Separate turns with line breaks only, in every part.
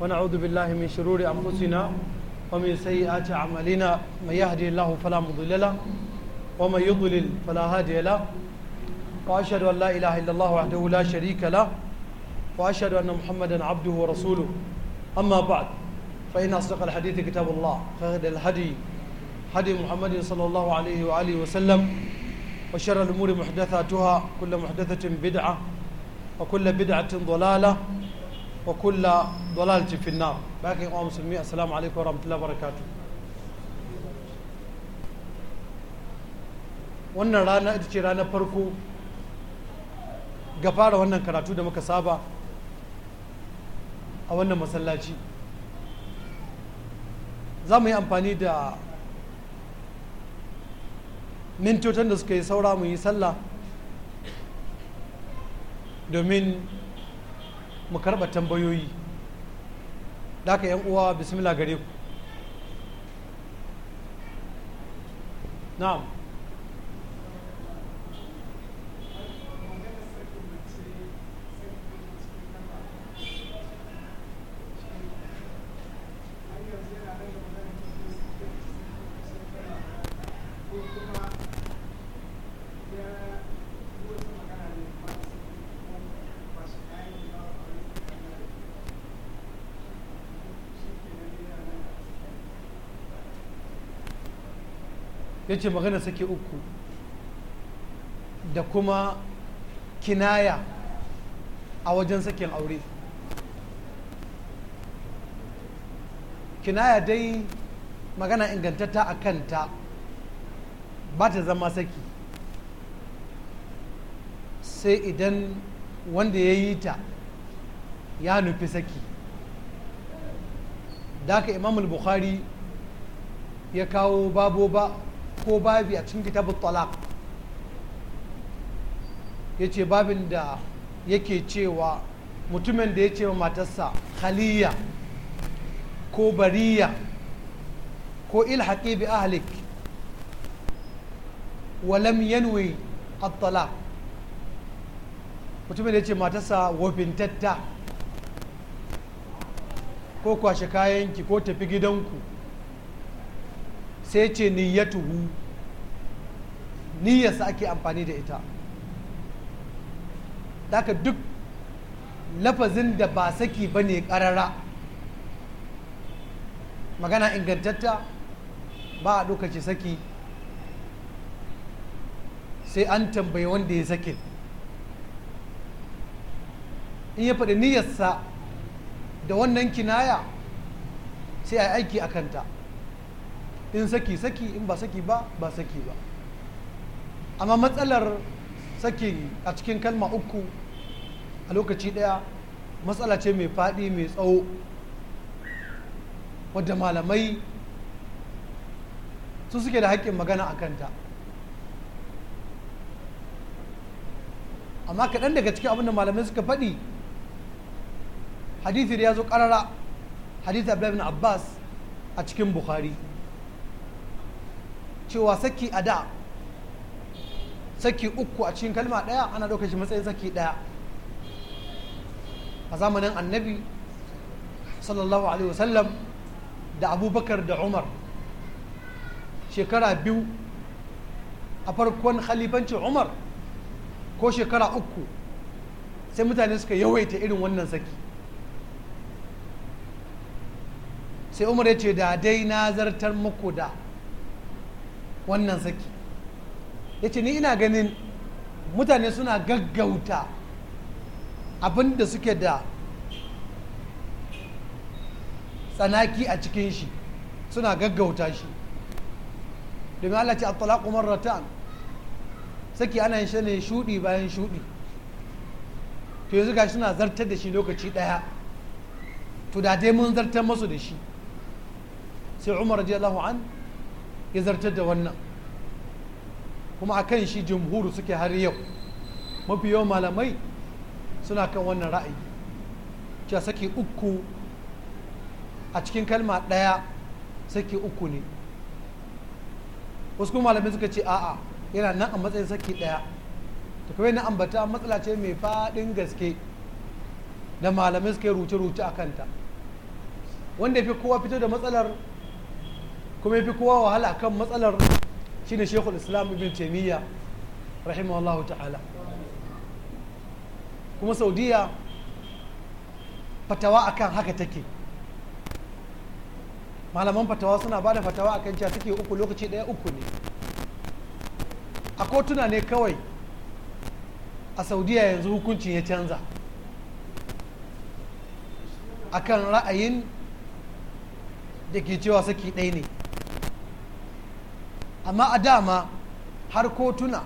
ونعوذ بالله من شرور أنفسنا ومن سيئات أعمالنا من يهدي الله فلا مضل له ومن يضلل فلا هادي له وأشهد أن لا إله إلا الله وحده لا شريك له وأشهد أن محمدا عبده ورسوله أما بعد فإن أصدق الحديث كتاب الله خير الهدي هدي محمد صلى الله عليه وآله وسلم وشر الأمور محدثاتها كل محدثة بدعة وكل بدعة ضلالة وكل dalalci finna musulmi assalamu wannan rana ita ce ranar farko ga fara wannan karatu da muka saba a wannan masallaci za mu yi amfani da mintotan da suka yi saura mu yi sallah domin mu karɓa tambayoyi da haka yan uwa bismillah gare ku na'am ya ce magana sake uku da kuma kinaya a wajen sakin aure kinaya dai magana ingantatta a kanta ba ta zama saki sai idan wanda ya yi ta ya nufi saki da imamul bukhari ya kawo baboba Ko babi a cikin kitabun talaq ya ce babin da yake cewa mutumin da ya ce wa matarsa khaliya ko bariya ko ilhaƙi bi ahlik walam yanwi at-talaq mutumin da ya ce matarsa wafintatta ko kwashe kayanki ko tafi gidanku sai ce niyyatuhu niyyarsa ake amfani da ita daga duk lafazin da ba saki ba ne karara magana ingantatta ba a ɗaukace saki sai an tambayi wanda ya sake in ya faɗi niyyarsa da wannan kinaya sai a aiki a kanta in saki saki in ba saki ba ba saki ba amma matsalar saki a cikin kalma uku a lokaci ɗaya matsala ce mai faɗi mai tsawo wadda malamai su suke da haƙƙin magana a kanta amma kaɗan daga cikin abinda malamai suka faɗi hadithi da ya zo ƙarara hadithi abu abbas a cikin buhari cewa saki a da saki uku a cikin kalma ɗaya ana ɗaukar shi matsayin saki ɗaya a zamanin annabi sallallahu alaihi wasallam da abubakar da umar shekara biyu a farkon khalifancin umar ko shekara uku sai mutane suka yawaita irin wannan saki sai umar ya ce da dai na zartar muku da wannan saki ya ce ni ina ganin mutane suna gaggauta abinda suke da tsanaki a cikin shi suna gaggauta shi domin Allah ce a talaku saki ana yin ne shudi bayan shudi to yanzu gashi suna zartar da shi lokaci daya to da dai mun zartar masu da shi sai umar radiyallahu an ya zartar da wannan kuma a kan shi jumhuru suke har yau mafi yawan malamai suna kan wannan ra'ayi cewa saki uku a cikin kalma ɗaya saki uku ne wasu kuma malamai suka ce a'a yana nan a matsayin saki ɗaya ta kawai na ambata matsala ce mai faɗin gaske da malamai suka yi ruce-ruce a kanta wanda fi kowa fito da matsalar kuma fi kowa wahala akan matsalar shine shekul islam ibn taimiyya rahimahullahu ta'ala kuma saudiya fatawa akan haka take malaman fatawa suna ba da fatawa akan cewa take uku lokaci daya uku ne a kotuna ne kawai a saudiya yanzu hukuncin ya canza akan ra'ayin da ke cewa saki ɗaya ne amma a dama har kotuna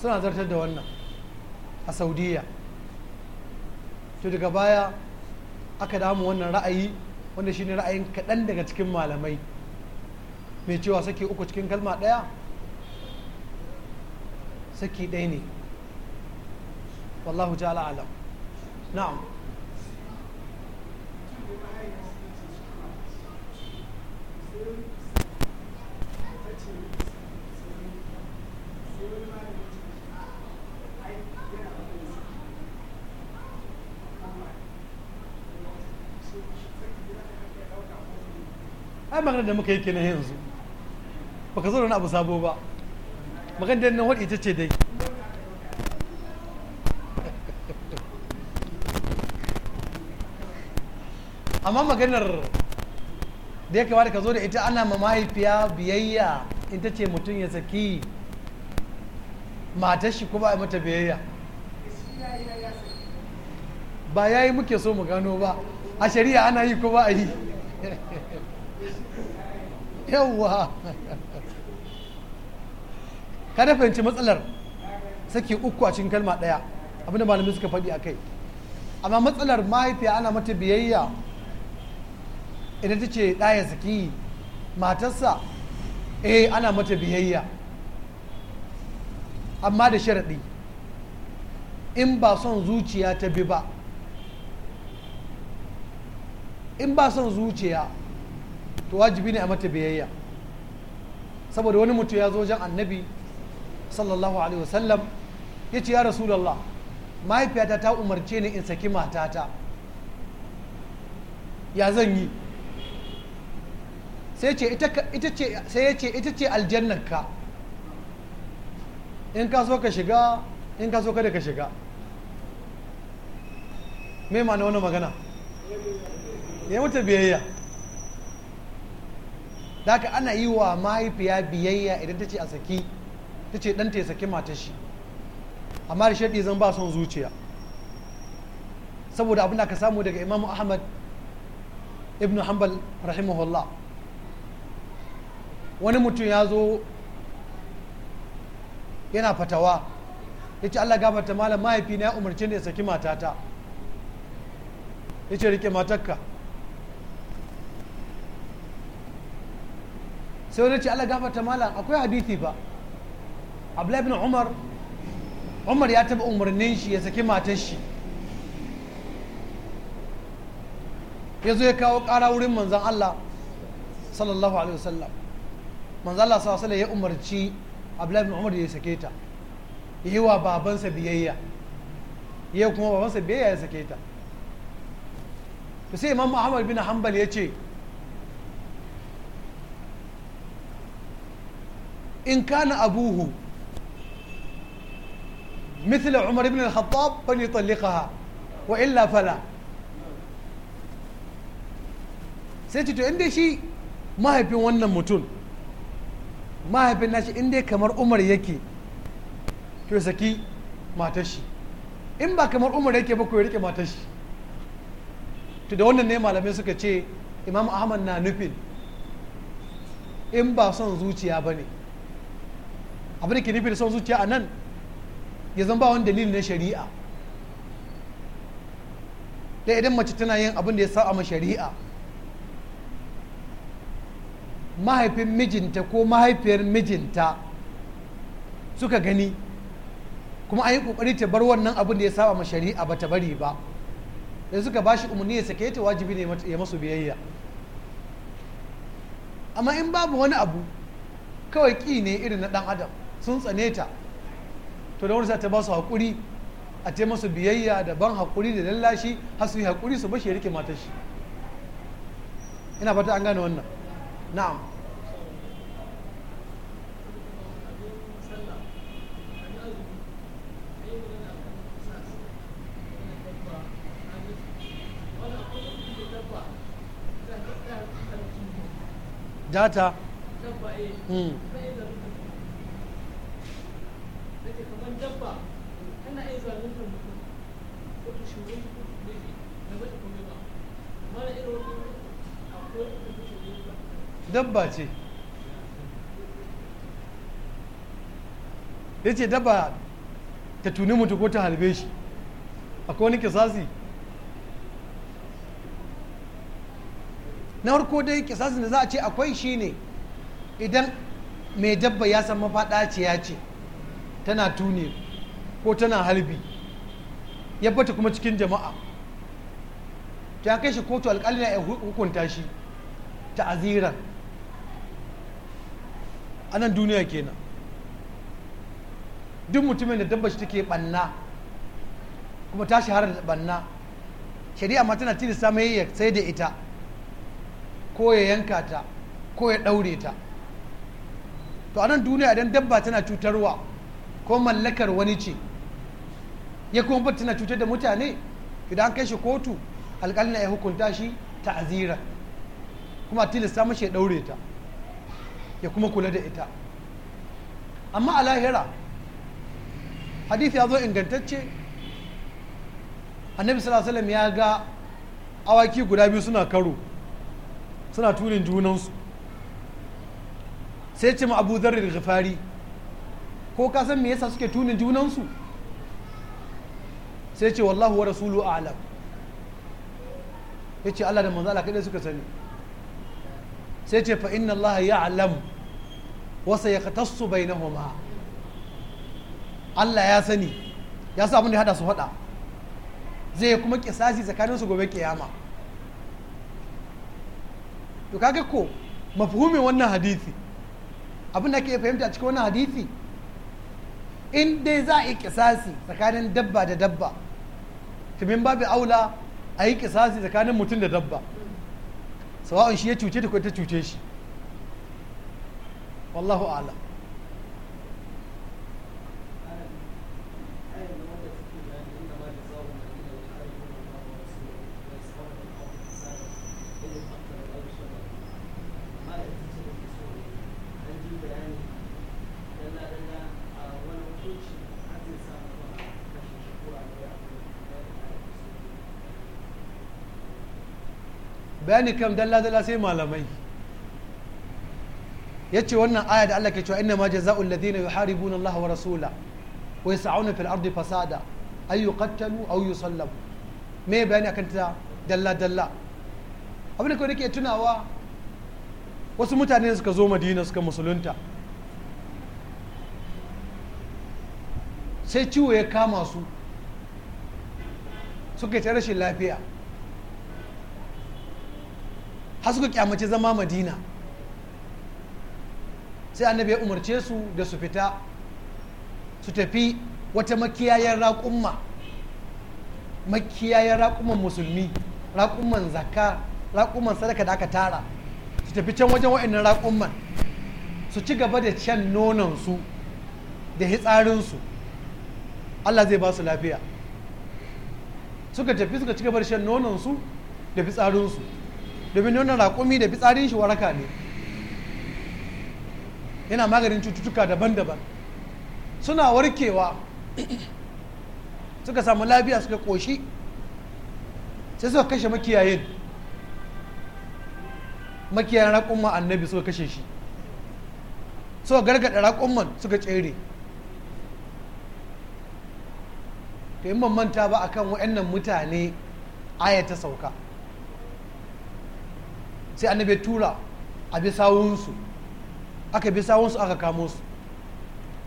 suna zartar da wannan a saudiya to daga baya aka damu wannan ra'ayi wanda shine ra'ayin kaɗan daga cikin malamai mai cewa saki uku cikin kalma ɗaya saki ɗaya ne wallahu ta'ala alam na'am magana da muka yi kenan yanzu baka zo da abu sabo ba magana da nan wadda ita ce dai amma maganar da ya kamata ka zo da ita ana ma mahaifiya biyayya in ta ce mutum ya saki matar shi kuma a mata biyayya ba ya yi muke so mu gano ba a shari'a ana yi kuma a yi yawwa ka da fahimci matsalar sake uku a cikin kalma ɗaya abinda malamai suka faɗi a kai amma matsalar mahaifiya ana mata biyayya idan ta ce ɗaya yi matarsa eh ana mata biyayya amma da sharaɗi in ba son zuciya ta bi ba in ba son zuciya to wajibi ne a mata biyayya saboda wani mutum ya zo wajen annabi sallallahu alaihi wasallam ya ce ya rasulallah mahaifiyata ta umarce ni in saki matata ya zan yi sai ce ita ce sai ya ce ita ce aljannarka in ka so ka shiga in ka so kada ka shiga me ma'ana wani magana ya mutu biyayya da ana yi wa mahaifiya biyayya idan ta ce a saki ta ce ɗanta ya saki matar shi amma da shaɗi zan ba son zuciya saboda abin da ka samu daga imamu ahmad ibn hanbal rahimahullah wani mutum ya zo yana fatawa ya ce allah gabata malam mahaifi na ya umarci ne ya saki matata ya ce rike matarka sai wani ce Allah gafarta malam akwai hadithi fa Abdullahi ibn Umar Umar ya taba umarnin shi ya saki matar shi ya zo ya kawo ƙara wurin manzan Allah sallallahu alaihi wasallam manzan Allah sallallahu alaihi ya umarci Abdullahi ibn Umar ya sake ta yi wa babansa biyayya ya kuma babansa biyayya ya sake ta to sai Imam Ahmad bin Hanbal ya ce in kana abuhu مثل عمر بن الخطاب فليطلقها وإلا فلا sai ce to inda shi mahaifin wannan mutum mahaifin nashi inda kamar umar yake to saki matar shi in ba kamar umar yake ba ko ya rike to da wannan ne malamai suka ce imam ahmad na nufin in ba son zuciya ba ne abin da ke nufi da son zuciya a nan ya zan ba wani dalili na shari'a da idan mace tana yin abin da ya sa ma shari'a mahaifin mijinta ko mahaifiyar mijinta suka gani kuma an yi kokari ta bar wannan abin da ya saba ma shari'a ba ta bari ba da suka ba shi umarni ya sake ta wajibi ne ya masu biyayya amma in babu wani abu kawai ki ne irin na dan adam sun tsane ta to da wani ta ba su haƙuri a ce masu biyayya da ban haƙuri da lallashi har su yi haƙuri su bashi ya rike matar shi ina fata an gane wannan na'am Data. mm. dabba ce ya ce dabba ta tuni mutu ko ta halbe shi akwai wani kisasi na harko dai kisasin da za a ce akwai shi ne idan mai dabba ya san mafaɗa ce ya ce tana tune ko tana halbi ya bata kuma cikin jama'a ta kai shi kotu alƙali ya hukunta shi ta aziran a nan duniya kenan duk mutumin da dabba shi take banna kuma ta shahara da banna shari'a ma tana tilasta mai ya sai da ita ko ya yanka ta ko ya ɗaure ta to a nan duniya idan dabba tana cutarwa ko mallakar wani ce ya kuma tana cutar da mutane idan kai shi kotu alƙalin ya hukunta shi ta'azira kuma tilasta mashi ya ɗaure ta ya kuma kula da ita amma a lahira hadith ya zo ingantacce annabi sallallahu alaihi ya ga awaki guda biyu suna karo suna tunin junansu sai ce ma abu zarri ghifari ko ka san me yasa suke tunin junansu sai ce wallahu wa rasulu a'lam yace Allah da manzala Allah kadai suka sani sai ce fa inna Allah alam wasa ya katassu bainahuma Allah ya sani ya sa abin da hada su haɗa zai kuma kisasi tsakaninsu gobe kiyama to kaga ko mafhumin wannan hadisi abin da ke fahimta cikin wannan hadisi in dai za a yi kisasi tsakanin dabba da dabba to babu aula a yi kisasi tsakanin mutum da dabba سواء شيء يتوتي تكو تتوتي شيء والله أعلم Thank you. bayani kam dalla dalla sai malamai ya ce wannan aya da Allah ke cewa inna ma jaza'u alladhina yuharibuna Allah wa rasula wa yas'una fil ardi fasada ay yuqattalu aw yusallabu me bayani akan ta dalla dalla abin da kawai tunawa wasu mutane suka zo Madina suka musulunta sai ciwo ya kama su suka yi ta rashin lafiya har suka kyamace zama madina sai annabi ya umarce su da su fita su tafi wata makiyayen raƙumma makiyayen raƙumman musulmi raƙumman zakka raƙumman sadaka da aka tara su tafi can wajen wa'annan raƙumman su ci gaba da can nonansu da hitsarinsu allah zai ba su lafiya suka tafi suka ci gaba da shan nonansu da fitsarinsu domin nuna raƙumi da fitsarin shi waraka ne yana maganin cututtuka daban-daban suna warkewa suka samu lafiya suka ƙoshi sai suka kashe makiyayin makiyayin raƙumman annabi suka kashe shi suka gargaɗa raƙumman suka tsere to in manta ba akan waɗannan mutane aya ta sauka sai annabi tura a bi sawunsu aka bi sawunsu aka kamo su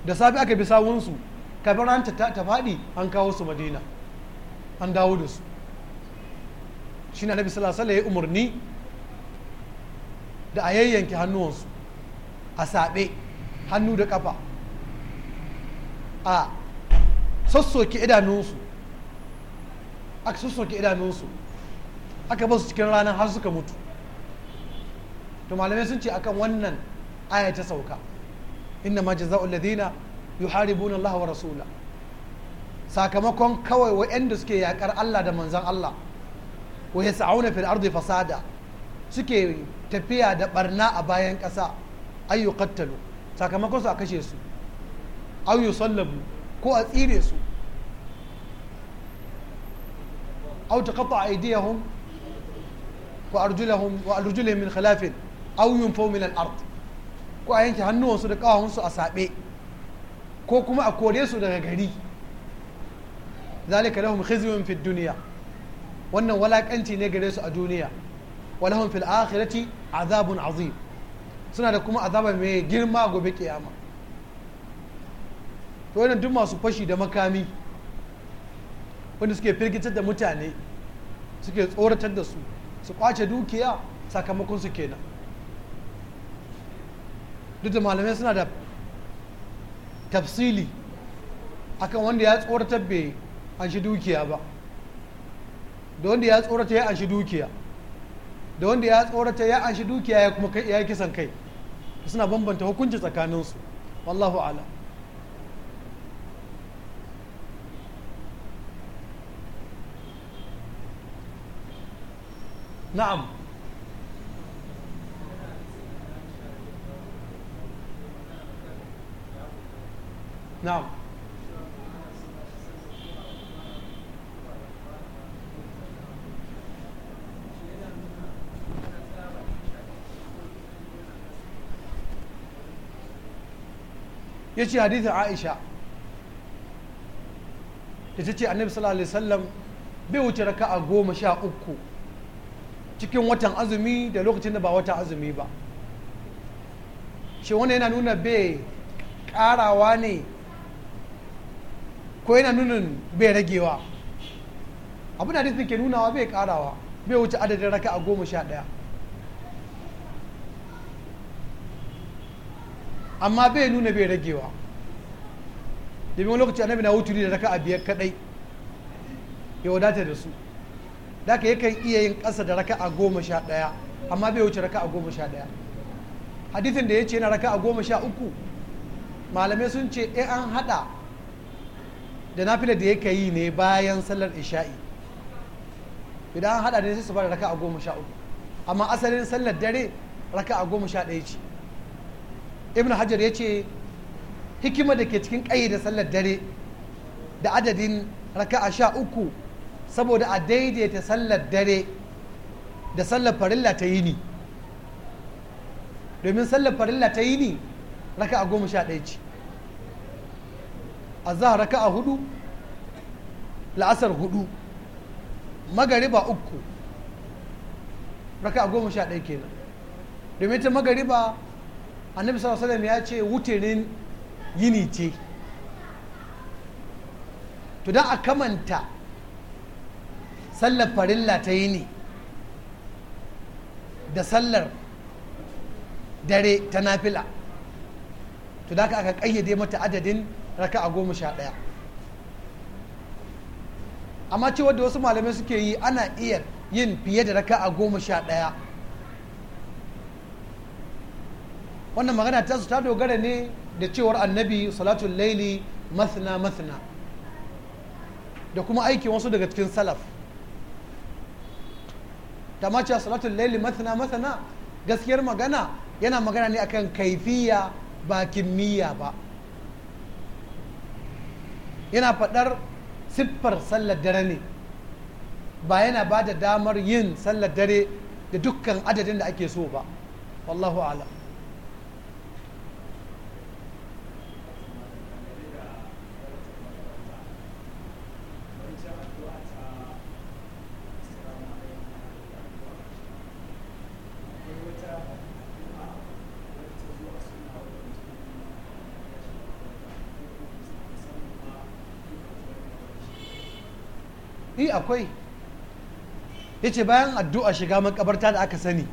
da safe aka bi sawunsu kafin ran ta faɗi an kawo su madina an dawo da su shi na nabi salasala ya umarni da a yayyanke hannuwansu a saɓe hannu da ƙafa a sassoke idanunsu aka sassoke idanunsu aka basu cikin ranar har suka mutu to malamai sun ce akan wannan aya ta sauka inna ma jazaa'u alladhina yuharibuna Allah wa rasula sakamakon kawai wa'anda suke yakar Allah da manzon Allah wa yas'auna fil ardi fasada suke tafiya da barna a bayan ƙasa ayyu qattalu sakamakon su a kashe su aw yusallabu ko a tsire su aw taqatta aydiyahum wa arjulahum wa arjuluhum min khilafin auyun fomin al'ard ko a yanke hannuwansu da ƙawahunsu a saɓe ko kuma a kore su daga gari zalika lahum khizyun fid duniya wannan walakanci ne gare su a duniya walahum fil akhirati azabun azim suna da kuma azaba mai girma gobe kiyama to wannan duk masu fashi da makami wanda suke firgitar da mutane suke tsoratar da su su kwace dukiya sakamakon su kenan duk da malamai suna da tafsili akan wanda ya tsorata bai an shi dukiya ba da wanda ya tsorata ya an shi dukiya da wanda ya tsorata ya an shi dukiya ya kuma ya kisan kai suna bambanta hukunci tsakaninsu wallahu ala na'am نعم yace hadithin aisha da ta ce annabi sallallahu alaihi wasallam bai wuce raka a goma sha uku cikin watan azumi da lokacin da ba watan azumi ba shi wani yana nuna bai karawa ne ko yana nunin bai ragewa abin da ke nunawa bai karawa bai wuce adadin raka a goma sha ɗaya amma bai nuna bai ragewa domin lokaci annabi na wuturi da raka a biyar kadai ya wadata da su da ka yakan iya yin ƙasa da raka a goma sha ɗaya amma bai wuce raka a goma sha ɗaya hadithin da ya ce na raka a goma sha uku malamai sun ce an hada. da nafilar da yake yi ne bayan sallar isha'i idan an hada ne sai su fara raka a goma sha uku amma asalin sallar dare raka a goma sha ɗaya ce ibn hajar ya ce hikima da ke cikin ƙayi da sallar dare da adadin raka a sha uku saboda a daidaita sallar dare da sallar farilla ta yini domin sallar farilla ta yini raka a goma sha ɗaya ce azhar a hudu la'asar hudu magariba uku raka'a goma sha ɗaya kenan domin ta magariba annabi sallallahu alaihi ya ce wuterin yini ce to don a kamanta sallar farilla ta yini da sallar dare ta nafila to da aka ƙayyade mata adadin raka'a goma sha ɗaya amma cewa da wasu malamai suke yi ana iya yin fiye da raka'a goma sha ɗaya wannan magana ta su ta dogara ne da cewar annabi salatul laili masna masna da kuma aikin wasu daga cikin salaf ta mace salatul laili masana masana gaskiyar magana yana magana ne akan kaifiya ba kimiyya ba yana faɗar siffar sallar dare ne ba yana ba da damar yin sallar dare da dukkan adadin da ake so ba wallahu alam i eh, akwai ya ce bayan addu'a shiga makabarta da aka sani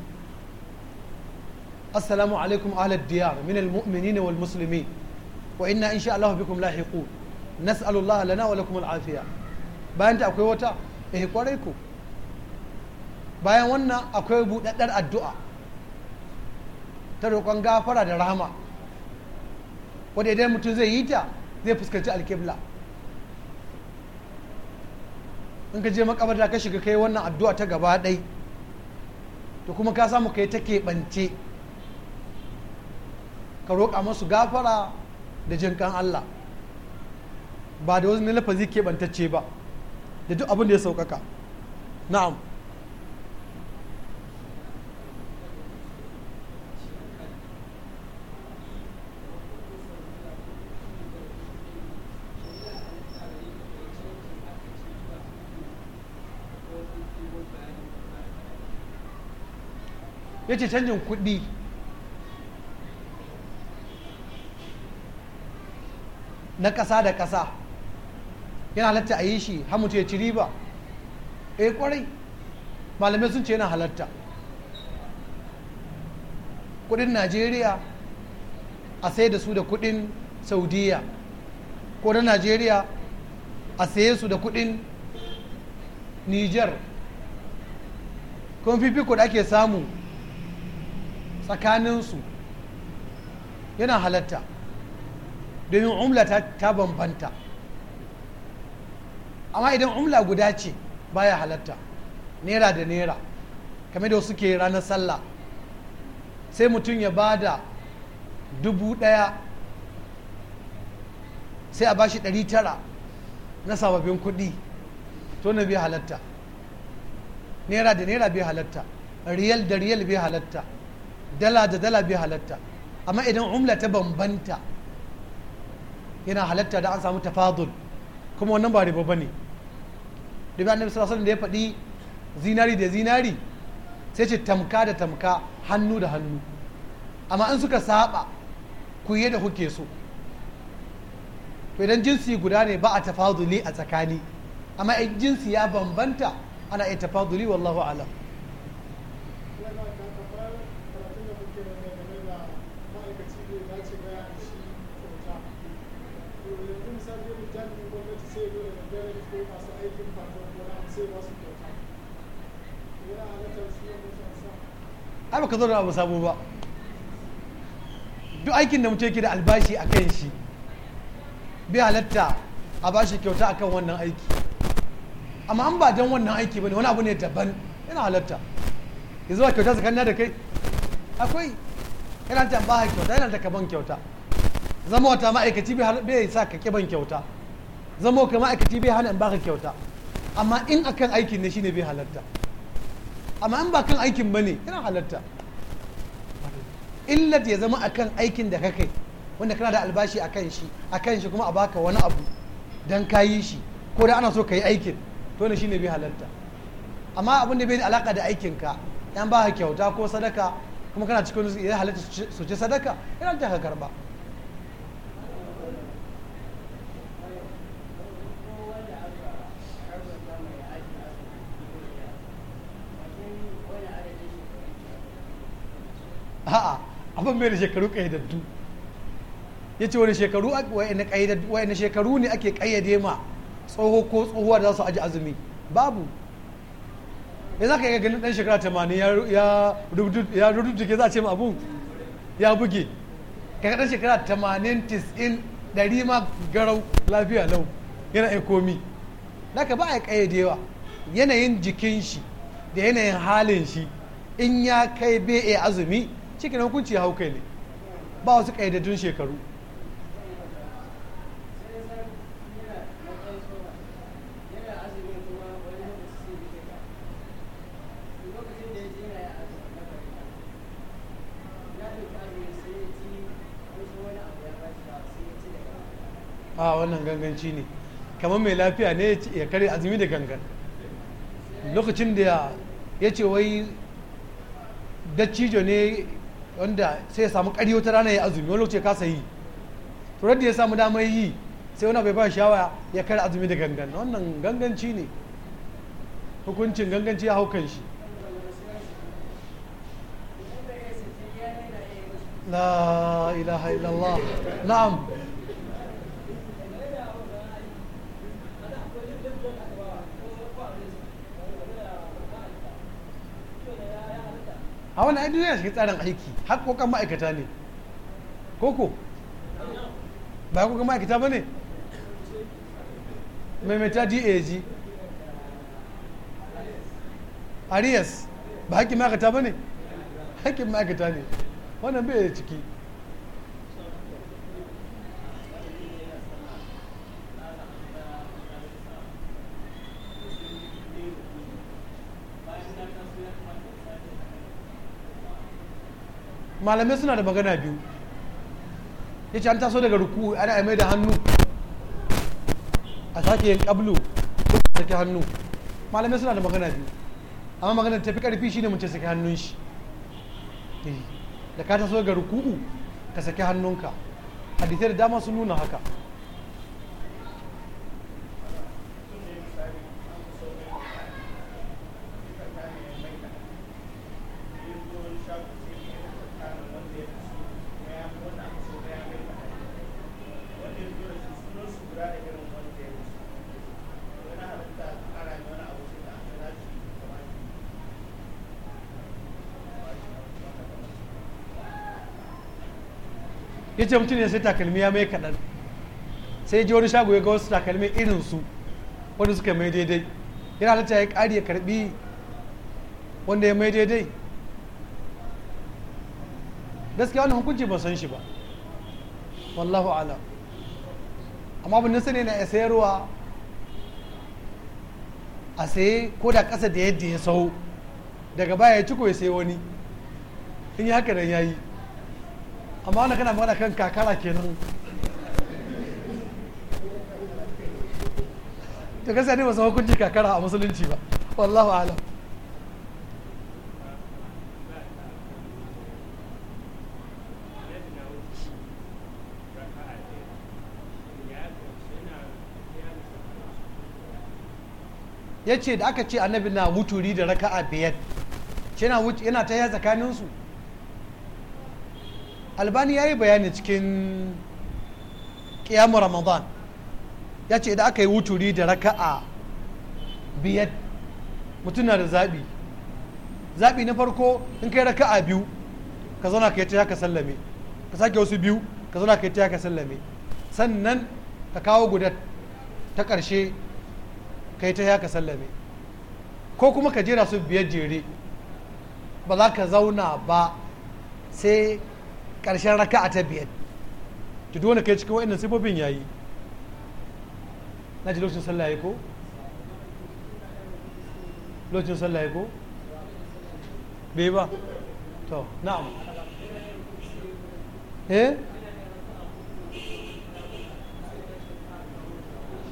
assalamu alaikum ahlad diyar min almu'minin wal muslimin wa inna insha Allah bikum lahiqun nas'alullah lana wa lakum al'afiya bayan ta akwai wata eh kwarai ku bayan wannan akwai buɗaɗɗar addu'a ta roƙon gafara da rahama wadda idan mutum zai yi ta zai fuskanci alkibla in ka je makabarta ka shiga kai wannan addu'a ta gaba ɗai to kuma ka samu kai ta keɓance ka roƙa masu gafara da jinkan Allah ba da wasu wani lafazi keɓantacce ba da duk abin da ya sauƙaƙa na'am ya ce canjin kuɗi na ƙasa da ƙasa yana halatta a yi shi hamutu ya ci riba e eh, kwarai malamai sun ce yana halatta kudin najeriya a sai da su da kudin saudiya ko na najeriya a saye su da kudin niger kuma fifiko da ake samu tsakaninsu yana halatta domin umla ta bambanta amma idan umla guda ce baya halatta naira da naira kamar da wasu ke ranar sallah sai mutum ya ba da dubu daya sai a bashi ɗari tara na sababbin kuɗi to na bai halatta naira da naira bai halatta riyal da riyal bai halatta dala da dala bai halatta amma idan umla ta bambanta yana halatta da an samu tafadul kuma wannan ba riba bane riba annabi sallallahu alaihi da ya faɗi zinari da zinari sai ce tamka da tamka hannu da hannu amma an suka saba ku yi da kuke so to idan jinsi guda ne ba a tafaduli a tsakani amma jinsi ya bambanta ana iya tafaduli wallahu alam har baka zauna ba sabo ba duk aikin da mutum yake da albashi a kan shi bai halatta a bashi kyauta a kan wannan aiki amma an ba don wannan aiki bane wani abu ne daban yana halatta ya zuwa kyauta tsakanin da kai akwai yana ta ba kyauta yana ta ban kyauta zama wata ma'aikaci bai sa ka ban kyauta zama wata ma'aikaci bai hana in baka kyauta amma in akan aikin ne shine bai halatta amma in ba kan aikin ba ne yana halatta illat ya zama akan aikin da kai wanda kana da albashi kan shi kan shi kuma a baka wani abu don ka yi shi ko da ana so ka yi aikin to ne shine bai halatta amma abin da bai da alaka da aikin ka yan ba kyauta ko sadaka kuma kana cikin ya halatta su ce sadaka yana ta ka karba a'a abin mai da shekaru kayyadaddu ya ce wani shekaru wa'ina shekaru ne ake kayyade ma tsoho ko tsohuwa da za su aji azumi babu ya za ka yi ganin ɗan shekara tamanin ya rubuta ke za a ce ma abun ya buge kaga ɗan shekara tamanin tis'in ɗari ma garau lafiya lau yana ya komi ka ba a kayyadewa yanayin jikin shi da yanayin halin shi in ya kai be azumi cikin hukunci hau kai ne ba wasu ƙayyadaddun shekaru a wannan ganganci ne kamar mai lafiya ne ya kare azumi da gangan lokacin da ya ce wai dacijo ne wanda sai ya samu ƙari wata rana ya azumi wani lokaci kasa yi to da ya samu damar yi sai wani bai ba shawa ya kare azumi da gangan wannan ganganci ne hukuncin ganganci ya haukan shi la ilaha illallah na'am a wani ainihin duniya shiga tsarin aiki haƙoƙan ma'aikata ne koko ba haƙoƙan ma'aikata ba ne maimaita dag arias ba haƙƙin ma'aikata ba ne haƙƙin ma'aikata ne wannan bai da ciki malamai suna da magana biyu ya ce an taso daga ruku ana mai da hannu a sake yin kablu a sake hannu malamai suna da magana biyu amma magana tafi karfi shine mun ce sake hannun shi eh, da ka taso daga ruku'u ka sake hannunka hadithai da dama sun nuna haka ya ce mutum ne sai takalmi ya mai kaɗan sai ji wani shago ya ga wasu takalmi irin su wanda suka mai daidai yana halitta ya ƙari ya karbi wanda ya mai daidai gaskiya wani hukunci ba san shi ba wallahu ala amma abin nan sani na ya sayarwa a saye ko da ƙasa da yadda ya sau daga baya ya ciko ya sayi wani in yi haka nan ya yi amma wani kana magana kan kakara kenan to gaskiya ne masu hukunci kakara a musulunci ba wallahu alam ya ce da aka ce annabi na wuturi da raka'a biyar yana ta ya tsakaninsu albani ya yi bayani cikin ƙiyamu ramadan ya ce idan aka yi wuturi da raka'a biyar mutum na da zaɓi zaɓi na farko in kai raka'a biyu ka zauna ka yi ta ka sallame ka sake wasu biyu ka zauna ka yi ta ka sallame sannan ka kawo guda ta ƙarshe ka yi ta ka sallame ko kuma ka jera su biyar jere ba za ka zauna ba sai ƙarshen raka'a ta biyar to duk wanda kai cikin wa'annan sifofin yi. na ji lokacin sallah ko lokacin sallah ko bai ba to na'am eh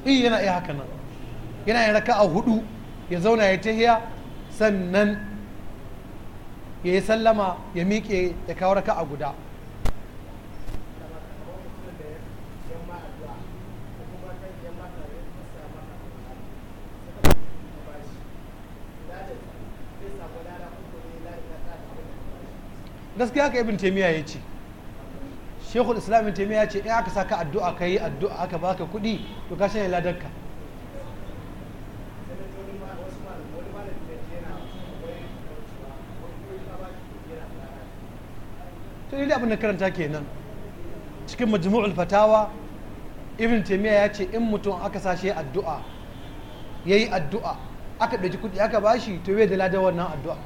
yi eh, yana iya haka nan yana yin raka'a hudu ya zauna ya tahiya sannan ya yi sallama ya miƙe ya kawo raka'a guda gaskiya ka ibn taimiyya ya ce shekul islam ibn taymiya ya ce in aka saka addu'a ka yi addu'a aka baka kuɗi to ka shanye ladarka to yi da abin da karanta kenan cikin majmu'ul fatawa ibn taimiyya ya ce in mutum aka sashe addu'a ya yi addu'a aka ɗauki kuɗi aka bashi to bai da ladar wannan addu'a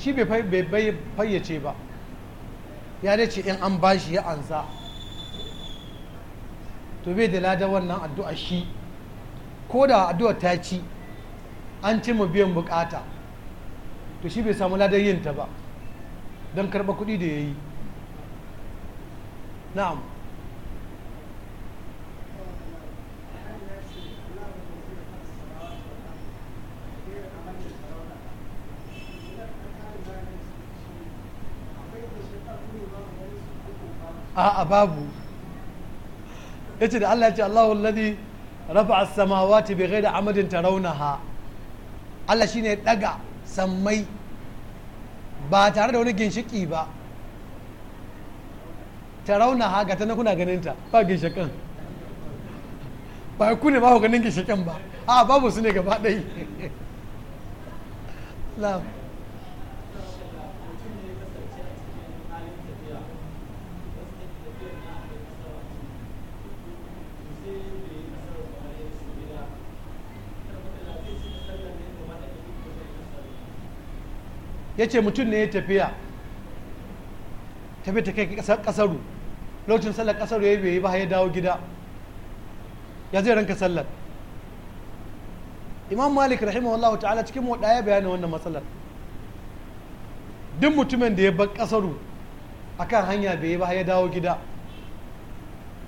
shi bai fayyace ba ya dace in an bashi ya ansa to bai da lada wannan addu'a shi ko da addu'a ta ci an ci mu biyan bukata to shi bai samu ladar yin ta ba don karba kuɗi da ya yi na'am a'a babu ce da Allah ya ce Allahu alladhi ta as-samawati da amadin tarawnaha Allah shine daga sammai ba tare da wani ginshiki ba tarawnaha ga ta na kuna ganin ta ba ginshikin ba ku ne ba ku ganin ginshikin ba a babu su ne gaba ɗaya ya ce mutum ne ya tafiya tafiya ta kai kasaru lokacin sallar kasaru ya bai yi ba ya dawo gida ya zai ranka sallar imam malik rahimahullahu ta'ala cikin mu ya bayani wannan matsalar duk mutumin da ya bar kasaru akan hanya bai yi ba ya dawo gida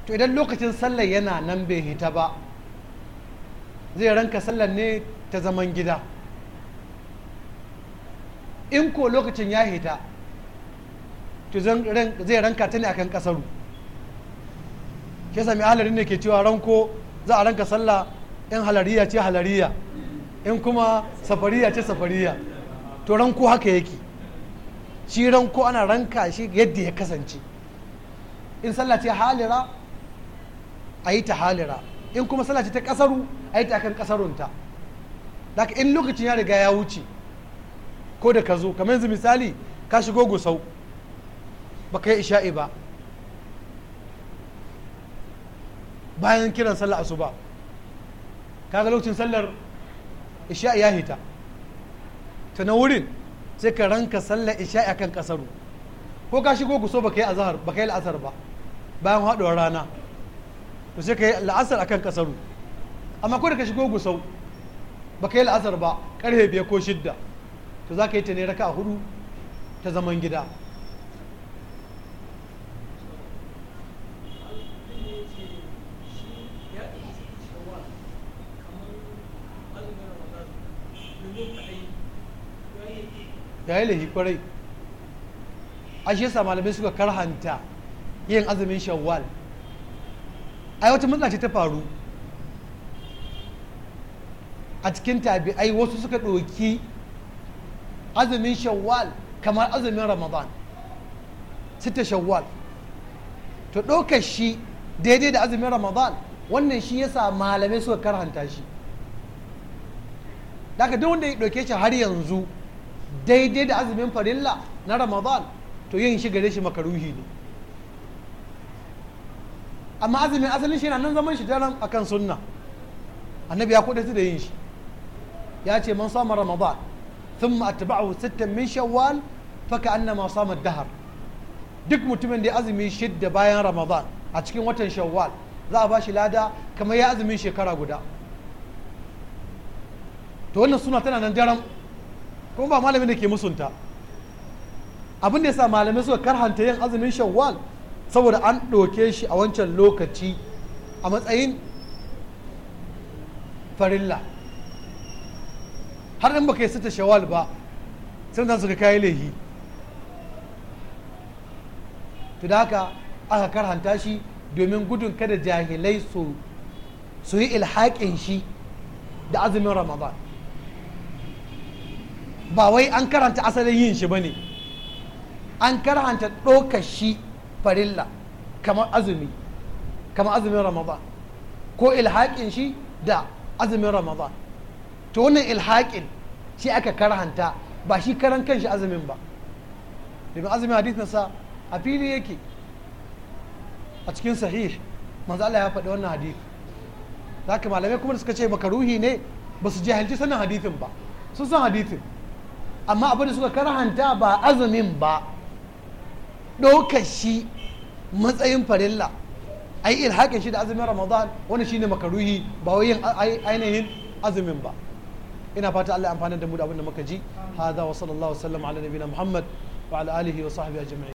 to idan lokacin sallar yana nan bai hita ba zai ranka sallar ne ta zaman gida in ko lokacin ya hita to zai ranka ta ne akan kasaru ke sami halarin ne ke cewa ranko za a ranka sallah in halariya ce halariya in kuma safariya ce safariya to ranko haka yake shi ranko ana ranka shi yadda ya kasance in sallah ce halira a yi ta halira in kuma sallah ce ta kasaru a yi ta akan kasarunta daga in lokacin ya riga ya wuce ko da ka zo kamar yanzu misali ka shigo gusau ba ka yi isha'i ba bayan kiran sallar asuba kaga lokacin sallar isha'i ya hita ta na wurin sai ka ranka sallar isha'i akan kasaru ko ka shigo guso ba ka yi azahar ba ka yi la'asar ba bayan haɗuwar rana to sai ka yi la'asar akan kasaru amma ko da ka shigo gusau ba ka yi la'asar ba karfe biyar ko shidda to za ka yi ta ne raka hudu ta zaman gida ya yi lahi kwarai ashe yasa malamai suka karhanta yin azumin shawwal ai wata matsala ce ta faru a cikin tabi'ai wasu suka ɗauki azumin shawwal kamar azumin ramadan sita shawwal to ɗaukar shi daidai da azumin ramadan wannan shi ya sa malamai suka karhanta shi daga duk wanda ya ɗauke shi har yanzu daidai da azumin farilla na ramadan to yin shi gare shi makaruhi ne amma azumin asalin shi na nan zaman shi daren kan sunna annabi ya kuɗa da yin shi ya ce man sama ramadan thumma atba'ahu sittan min shawwal faka annama sama dahar duk mutumin da ya azumi shidda bayan ramadan a cikin watan shawwal za a bashi lada kamar ya azumin shekara guda to wannan suna tana nan daram kuma ba malamin da ke musunta abin da sa malamai suka karhanta yin azumin shawwal saboda an ɗauke shi a wancan lokaci a matsayin farilla har in baka yi sita shawal ba sai suka su laifi kayi laihi to da haka aka karhanta shi domin gudun kada jahilai su su yi ilhaƙin shi da azumin ramadan ba wai an karanta asalin yin shi ba ne an karanta ɗaukar shi farilla kamar azumi kamar azumin ramadan ko ilhaƙin shi da azumin ramadan to wannan ilhaƙin shi aka karhanta ba shi karan kanshi azumin ba domin azumin hadisinsa a fili yake a cikin sahih manzo Allah ya faɗi wannan hadith zaka malamai kuma suka ce makaruhi ne ba su jahilci sanin hadithin ba sun san hadithin amma abin da suka karhanta ba azumin ba ɗaukar shi matsayin farilla ai ilhaƙin shi da azumin ramadan wani shine makaruhi ba wai yin ainihin azumin ba ina fata Allah amfanar da mu da abin da muka ji hadha wa sallallahu sallam ala nabiyina muhammad wa ala alihi wa sahbihi ajma'in